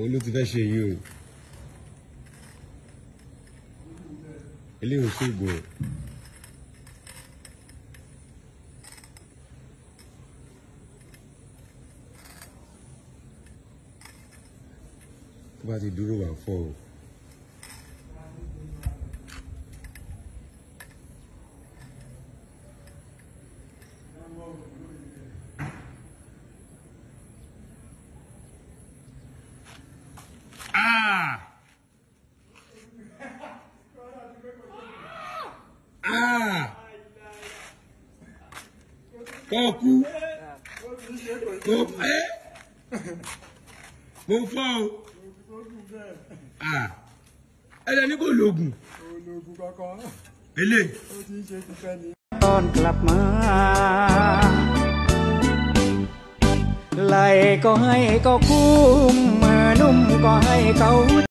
òun ti fẹ́ ṣe yìí o ilé òṣègùn o. tó ti dúró wà fọ́ kooku kooku eh mo fọ́ o ah. ẹlẹ́ni kò lóògùn ele. ตอนกลับมา ไหลก็ให้ก็คุ้มมานุ่ม